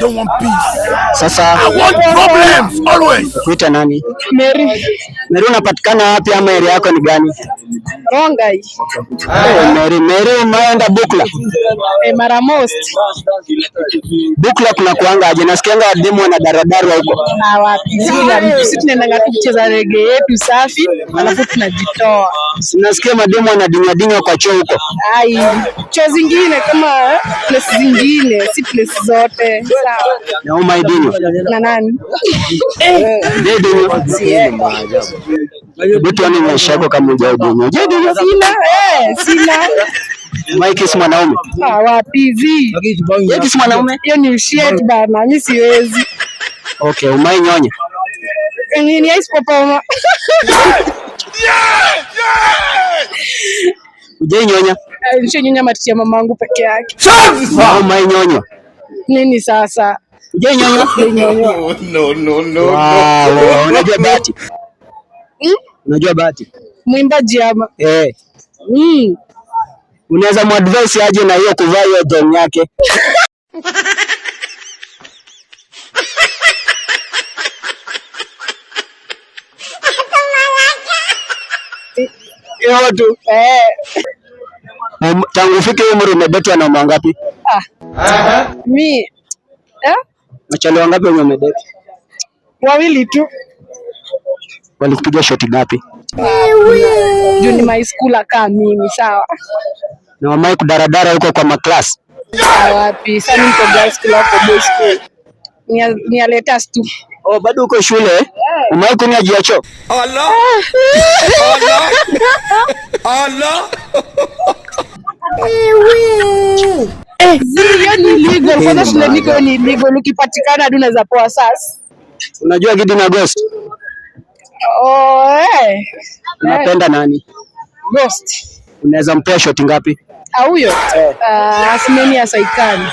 don't want peace. Sasa I want problems always. Kuita nani? Mary. Mary, unapatikana wapi ama area yako ni gani? Rongai. Hey, eh, Mary, Mary unaenda Bukla? Hey, eh, mara most. Bukla kuna kuanga aje? Nasikianga demo na daradara huko. Na wapi? Sisi tunaenda kucheza reggae yetu safi, alafu tunajitoa. Sinasikia mademu anadingadinga kwa choo huko. Ai, choo zingine kama eh, place zingine, si place zote. Sawa. Na uma idinyo. Na nani? Eh, eh. idinyo. Buti ani maisha yako kama hujaudinyo. Je, idinyo sina? Eh, sina. Mike si mwanaume. Ah, wapi zi? Yeye si mwanaume. Yo ni shit bana, mimi siwezi. Okay, umai nyonya. Nini popoma. Ha, ha, ha nyonya. Ujainyonya? Eh, nyonya matiti ya mamangu peke yake. Umainyonya nini sasa? No no no. Wow. Unajua bahati? Hmm? Unajua bahati? Mwimbaji ama? Eh. Hmm. Unaweza muadvise aje na hiyo kuvaa hiyo don yake? watu eh. Um, tangu ufike umri umedeti na mangapi? Ah. Ah. Mi eh? Machali wangapi wenye umedeti? Wawili tu. Walikupiga shoti ngapi? Juu ni my school kama mimi sawa. Na wamai kudaradara huko kwa maklas. Wapi? Sani niko girls school au boys school? Ni ya latest tu. Oh, bado uko shule? Umai kunywa jiacho? Allah. Allah. Ewe. Eh, hiyo eh, ni illegal. Kwanza shule niko ni illegal. Ukipatikana duna za poa sasa. Unajua Gidi na Ghost? Oh, eh. Unapenda nani? Ghost. Unaweza mpea shoti ngapi? Ah, huyo. Eh. Uh, ah, asimeni asaikani.